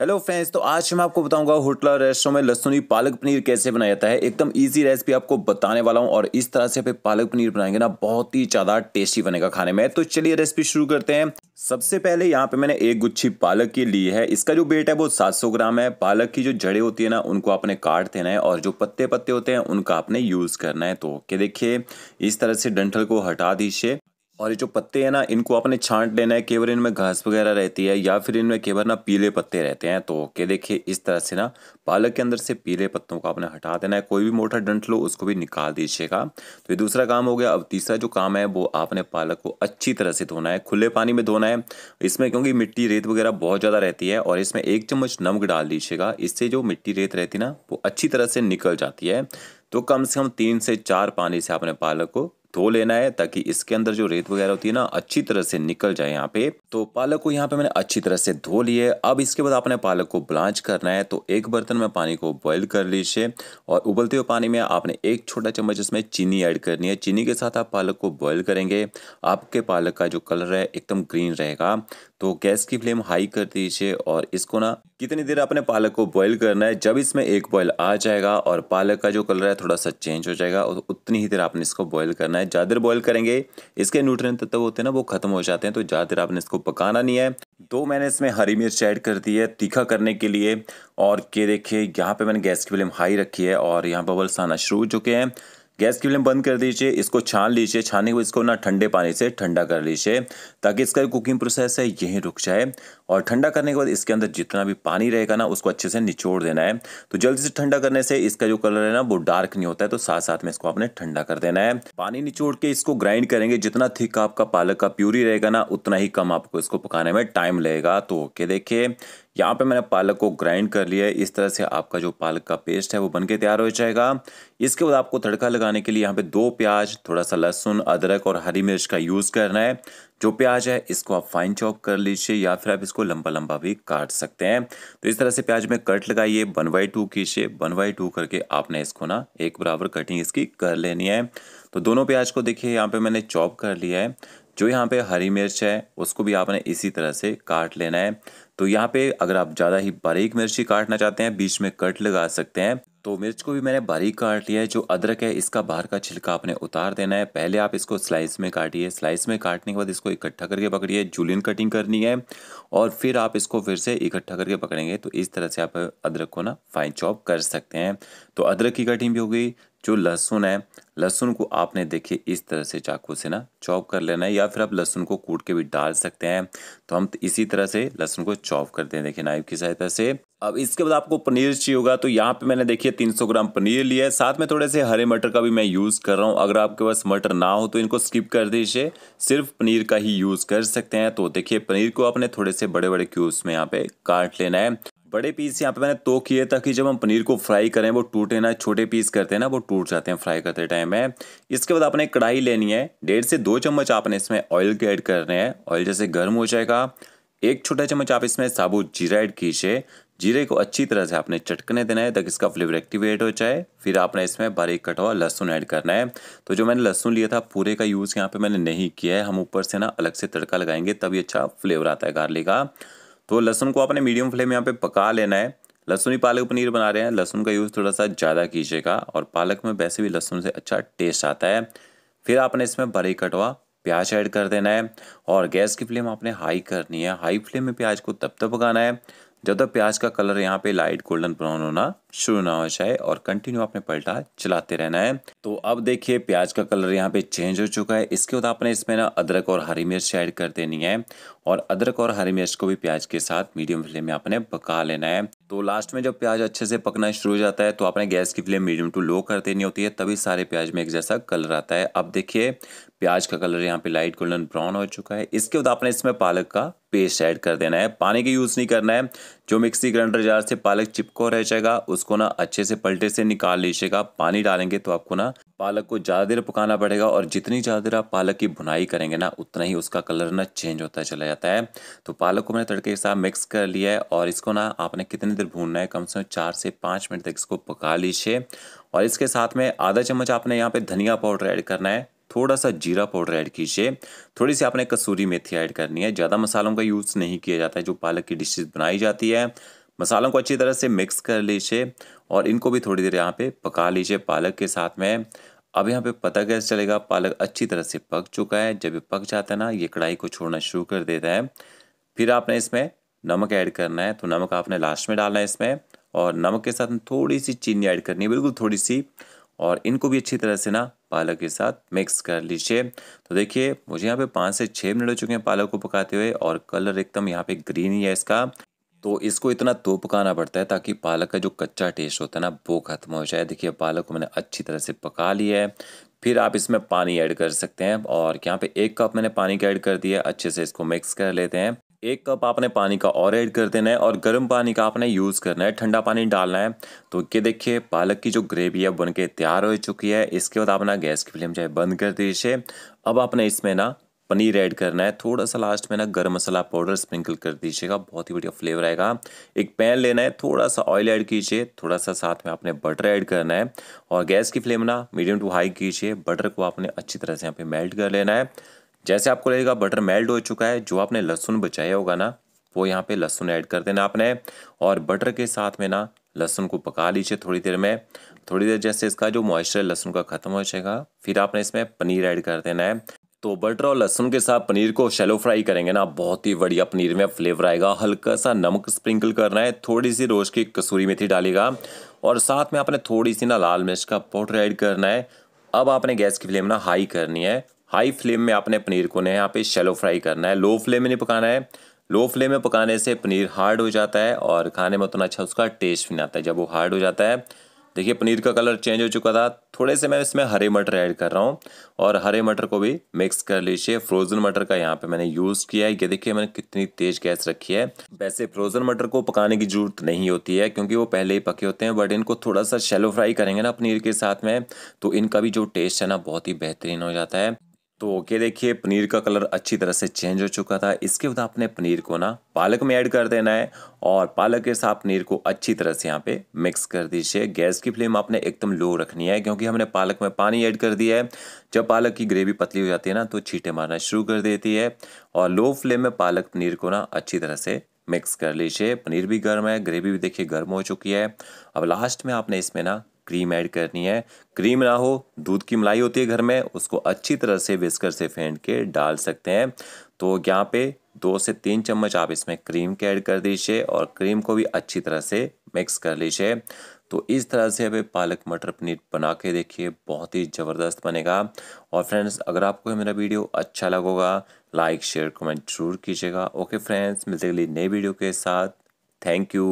hello friends तो आज मैं आपको बताऊंगा होटल रेस्टोरों रेस्टोरेंट में लहसुनी पालक पनीर कैसे बनाया जाता है एकदम इजी रेसिपी आपको बताने वाला हूं और इस तरह से पालक पनीर बनाएंगे ना बहुत ही ज़्यादा टेस्टी बनेगा खाने में तो चलिए रेसिपी शुरू करते हैं सबसे पहले यहाँ पे मैंने एक गुच्छी पालक की ली है इसका जो वेट है वो सात ग्राम है पालक की जो जड़ें होती है ना उनको आपने काट देना है और जो पत्ते पत्ते होते हैं उनका आपने यूज़ करना है तो देखिये देखिए इस तरह से डंठल को हटा दीजिए और ये जो पत्ते हैं ना इनको आपने छांट लेना है केवल इनमें घास वगैरह रहती है या फिर इनमें केवल ना पीले पत्ते रहते हैं तो ओके देखिए इस तरह से ना पालक के अंदर से पीले पत्तों को आपने हटा देना है कोई भी मोटा डंट लो उसको भी निकाल दीजिएगा तो ये दूसरा काम हो गया अब तीसरा जो काम है वो आपने पालक को अच्छी तरह से धोना है खुले पानी में धोना है इसमें क्योंकि मिट्टी रेत वगैरह बहुत ज़्यादा रहती है और इसमें एक चम्मच नमक डाल दीजिएगा इससे जो मिट्टी रेत रहती ना वो अच्छी तरह से निकल जाती है तो कम से कम तीन से चार पानी से आपने पालक को धो लेना है ताकि इसके अंदर जो रेत वगैरह होती है ना अच्छी तरह से निकल जाए यहाँ पे तो पालक को यहाँ पे मैंने अच्छी तरह से धो लिए अब इसके बाद आपने पालक को ब्लांच करना है तो एक बर्तन में पानी को बॉईल कर लीजिए और उबलते हुए पानी में आपने एक छोटा चम्मच इसमें चीनी ऐड करनी है चीनी के साथ आप पालक को बॉइल करेंगे आपके पालक का जो कलर है एकदम ग्रीन रहेगा तो गैस की फ्लेम हाई कर दीजिए और इसको ना कितनी देर अपने पालक को बॉईल करना है जब इसमें एक बॉईल आ जाएगा और पालक का जो कलर है थोड़ा सा चेंज हो जाएगा और उतनी ही देर आपने इसको बॉईल करना है ज़्यादा देर बॉईल करेंगे इसके न्यूट्रिय तत्व होते हैं ना वो खत्म हो जाते हैं तो ज़्यादा देर आपने इसको पकाना नहीं है दो मैंने इसमें हरी मिर्च ऐड कर दी है तीखा करने के लिए और ये देखिए यहाँ पे मैंने गैस की फ्लेम हाई रखी है और यहाँ बबल्स आना शुरू हो चुके हैं गैस की फ्लेम बंद कर दीजिए इसको छान लीजिए छाने के बाद इसको ना ठंडे पानी से ठंडा कर लीजिए ताकि इसका कुकिंग प्रोसेस है यहीं रुक जाए और ठंडा करने के बाद इसके अंदर जितना भी पानी रहेगा ना उसको अच्छे से निचोड़ देना है तो जल्दी से ठंडा करने से इसका जो कलर है ना वो डार्क नहीं होता है तो साथ साथ में इसको आपने ठंडा कर देना है पानी निचोड़ के इसको ग्राइंड करेंगे जितना थिक आपका पालक का प्यूरी रहेगा ना उतना ही कम आपको इसको पकाने में टाइम लगेगा तो ओके देखिए यहाँ पे मैंने पालक को ग्राइंड कर लिया है इस तरह से आपका जो पालक का पेस्ट है वो बन के तैयार हो जाएगा इसके बाद आपको तड़का लगाने के लिए यहाँ पे दो प्याज थोड़ा सा लहसुन अदरक और हरी मिर्च का यूज़ करना है जो प्याज है इसको आप फाइन चॉप कर लीजिए या फिर आप इसको लंबा लंबा भी काट सकते हैं तो इस तरह से प्याज में कट लगाइए वन बाई टू कीजिए वन बाई टू करके आपने इसको ना एक बराबर कटिंग इसकी कर लेनी है तो दोनों प्याज को देखिए यहाँ पे मैंने चॉप कर लिया है जो यहाँ पे हरी मिर्च है उसको भी आपने इसी तरह से काट लेना है तो यहाँ पे अगर आप ज़्यादा ही बारीक मिर्ची काटना चाहते हैं बीच में कट लगा सकते हैं तो मिर्च को भी मैंने बारीक काट लिया है जो अदरक है इसका बाहर का छिलका आपने उतार देना है पहले आप इसको स्लाइस में काटिए स्लाइस में काटने के बाद इसको इकट्ठा करके पकड़िए जूलियन कटिंग करनी है और फिर आप इसको फिर से इकट्ठा करके पकड़ेंगे तो इस तरह से आप अदरक को ना फाइन चॉप कर सकते हैं तो अदरक की कटिंग भी हो गई जो लहसुन है लहसुन को आपने देखिए इस तरह से चाकू से ना चॉप कर लेना है या फिर आप लहसुन को कूट के भी डाल सकते हैं तो हम इसी तरह से लहसुन को चॉप करते हैं देखिए नाइफ की सहायता से अब इसके बाद आपको पनीर चाहिए होगा तो यहाँ पे मैंने देखिए 300 ग्राम पनीर लिया है साथ में थोड़े से हरे मटर का भी मैं यूज़ कर रहा हूँ अगर आपके पास मटर ना हो तो इनको स्किप कर दीजिए सिर्फ पनीर का ही यूज़ कर सकते हैं तो देखिए पनीर को आपने थोड़े से बड़े बड़े क्यूब्स में यहाँ पे काट लेना है बड़े पीस यहाँ पे मैंने तो किए ताकि जब हम पनीर को फ्राई करें वो टूटे ना छोटे पीस करते हैं ना वो टूट जाते हैं फ्राई करते टाइम में इसके बाद आपने कढ़ाई लेनी है डेढ़ से दो चम्मच आपने इसमें ऑयल के ऐड करने हैं ऑयल जैसे गर्म हो जाएगा एक छोटा चम्मच आप इसमें साबुत जीरा ऐड कीजिए जीरे को अच्छी तरह से आपने चटकने देना है तक इसका फ्लेवर एक्टिवेट हो जाए फिर आपने इसमें बारीक कटा हुआ लहसुन ऐड करना है तो जो मैंने लहसुन लिया था पूरे का यूज़ यहाँ पे मैंने नहीं किया है हम ऊपर से ना अलग से तड़का लगाएंगे तभी अच्छा फ्लेवर आता है गार्लिक का तो लहसुन को आपने मीडियम फ्लेम यहाँ पर पका लेना है लहसुन ही पालक पनीर बना रहे हैं लहसुन का यूज़ थोड़ा सा ज़्यादा कीजिएगा और पालक में वैसे भी लहसुन से अच्छा टेस्ट आता है फिर आपने इसमें बारीक कटवा प्याज ऐड कर देना है और गैस की फ्लेम आपने हाई करनी है हाई फ्लेम में प्याज को तब तक पकाना है जब तक प्याज का कलर यहाँ पे लाइट गोल्डन ब्राउन होना शुरू ना हो जाए और कंटिन्यू आपने पलटा चलाते रहना है तो अब देखिए प्याज का कलर यहाँ पे चेंज हो चुका है इसके बाद आपने इसमें ना अदरक और हरी मिर्च ऐड कर देनी है और अदरक और हरी मिर्च को भी प्याज के साथ मीडियम फ्लेम में आपने पका लेना है तो लास्ट में जब प्याज अच्छे से पकना शुरू हो जाता है तो आपने गैस की फ्लेम मीडियम टू लो कर देनी होती है तभी सारे प्याज में एक जैसा कलर आता है अब देखिए प्याज का कलर यहाँ पे लाइट गोल्डन ब्राउन हो चुका है इसके बाद आपने इसमें पालक का पेस्ट ऐड कर देना है पानी का यूज़ नहीं करना है जो मिक्सी ग्राइंडर जार से पालक चिपको रह जाएगा उसको ना अच्छे से पलटे से निकाल लीजिएगा पानी डालेंगे तो आपको ना पालक को ज़्यादा देर पकाना पड़ेगा और जितनी ज़्यादा देर आप पालक की बुनाई करेंगे ना उतना ही उसका कलर ना चेंज होता चला जाता है तो पालक को मैंने तड़के के साथ मिक्स कर लिया है और इसको ना आपने कितनी देर भूनना है कम से कम चार से पाँच मिनट तक इसको पका लीजिए और इसके साथ में आधा चम्मच आपने यहाँ पे धनिया पाउडर ऐड करना है थोड़ा सा जीरा पाउडर ऐड कीजिए थोड़ी सी आपने कसूरी मेथी ऐड करनी है ज़्यादा मसालों का यूज़ नहीं किया जाता है जो पालक की डिशेज बनाई जाती है मसालों को अच्छी तरह से मिक्स कर लीजिए और इनको भी थोड़ी देर यहाँ पे पका लीजिए पालक के साथ में अब यहाँ पे पता कैसे चलेगा पालक अच्छी तरह से पक चुका है जब ये पक जाता है ना ये कढ़ाई को छोड़ना शुरू कर देता है फिर आपने इसमें नमक ऐड करना है तो नमक आपने लास्ट में डालना है इसमें और नमक के साथ थोड़ी सी चीनी ऐड करनी है बिल्कुल थोड़ी सी और इनको भी अच्छी तरह से ना पालक के साथ मिक्स कर लीजिए तो देखिए मुझे यहाँ पे पाँच से छः मिनट हो चुके हैं पालक को पकाते हुए और कलर एकदम यहाँ पे ग्रीन ही है इसका तो इसको इतना तो पकाना पड़ता है ताकि पालक का जो कच्चा टेस्ट होता है ना वो खत्म हो जाए देखिए पालक को मैंने अच्छी तरह से पका लिया है फिर आप इसमें पानी ऐड कर सकते हैं और यहाँ पे एक कप मैंने पानी का ऐड कर दिया अच्छे से इसको मिक्स कर लेते हैं एक कप आपने पानी का और ऐड कर देना है और गर्म पानी का आपने यूज़ करना है ठंडा पानी डालना है तो ये देखिए पालक की जो ग्रेवी है बन के तैयार हो चुकी है इसके बाद ना गैस की फ्लेम जो बंद कर दीजिए अब आपने इसमें ना पनीर ऐड करना है थोड़ा सा लास्ट में ना गर्म मसाला पाउडर स्प्रिंकल कर दीजिएगा बहुत ही बढ़िया फ्लेवर आएगा एक पैन लेना है थोड़ा सा ऑयल ऐड कीजिए थोड़ा सा साथ में आपने बटर ऐड करना है और गैस की फ्लेम ना मीडियम टू हाई कीजिए बटर को आपने अच्छी तरह से यहाँ पे मेल्ट कर लेना है जैसे आपको लगेगा बटर मेल्ट हो चुका है जो आपने लहसुन बचाया होगा ना वो यहाँ पे लहसुन ऐड कर देना आपने और बटर के साथ में ना लहसुन को पका लीजिए थोड़ी देर में थोड़ी देर जैसे इसका जो मॉइस्चर लहसुन का ख़त्म हो जाएगा फिर आपने इसमें पनीर ऐड कर देना है तो बटर और लहसुन के साथ पनीर को शेलो फ्राई करेंगे ना बहुत ही बढ़िया पनीर में फ्लेवर आएगा हल्का सा नमक स्प्रिंकल करना है थोड़ी सी रोज की कसूरी मेथी डालेगा और साथ में आपने थोड़ी सी ना लाल मिर्च का पाउडर ऐड करना है अब आपने गैस की फ्लेम ना हाई करनी है हाई फ्लेम में आपने पनीर को ना यहाँ पे शेलो फ्राई करना है लो फ्लेम में नहीं पकाना है लो फ्लेम में पकाने से पनीर हार्ड हो जाता है और खाने में उतना अच्छा उसका टेस्ट भी नहीं आता है जब वो हार्ड हो जाता है देखिए पनीर का कलर चेंज हो चुका था थोड़े से मैं इसमें हरे मटर ऐड कर रहा हूँ और हरे मटर को भी मिक्स कर लीजिए फ्रोज़न मटर का यहाँ पे मैंने यूज़ किया है ये देखिए मैंने कितनी तेज़ गैस रखी है वैसे फ्रोज़न मटर को पकाने की ज़रूरत नहीं होती है क्योंकि वो पहले ही पके होते हैं बट इनको थोड़ा सा शेलो फ्राई करेंगे ना पनीर के साथ में तो इनका भी जो टेस्ट है ना बहुत ही बेहतरीन हो जाता है तो ओके देखिए पनीर का कलर अच्छी तरह से चेंज हो चुका था इसके बाद आपने पनीर को ना पालक में ऐड कर देना है और पालक के साथ पनीर को अच्छी तरह से यहाँ पे मिक्स कर दीजिए गैस की फ्लेम आपने एकदम लो रखनी है क्योंकि हमने पालक में पानी ऐड कर दिया है जब पालक की ग्रेवी पतली हो जाती है ना तो छीटे मारना शुरू कर देती है और लो फ्लेम में पालक पनीर को ना अच्छी तरह से मिक्स कर लीजिए पनीर भी गर्म है ग्रेवी भी देखिए गर्म हो चुकी है अब लास्ट में आपने इसमें ना क्रीम ऐड करनी है क्रीम ना हो दूध की मलाई होती है घर में उसको अच्छी तरह से विस्कर से फेंट के डाल सकते हैं तो यहाँ पे दो से तीन चम्मच आप इसमें क्रीम के ऐड कर दीजिए और क्रीम को भी अच्छी तरह से मिक्स कर लीजिए तो इस तरह से हमें पालक मटर पनीर बना के देखिए बहुत ही ज़बरदस्त बनेगा और फ्रेंड्स अगर आपको मेरा वीडियो अच्छा लगेगा लाइक शेयर कमेंट जरूर कीजिएगा ओके फ्रेंड्स मिलते नई वीडियो के साथ थैंक यू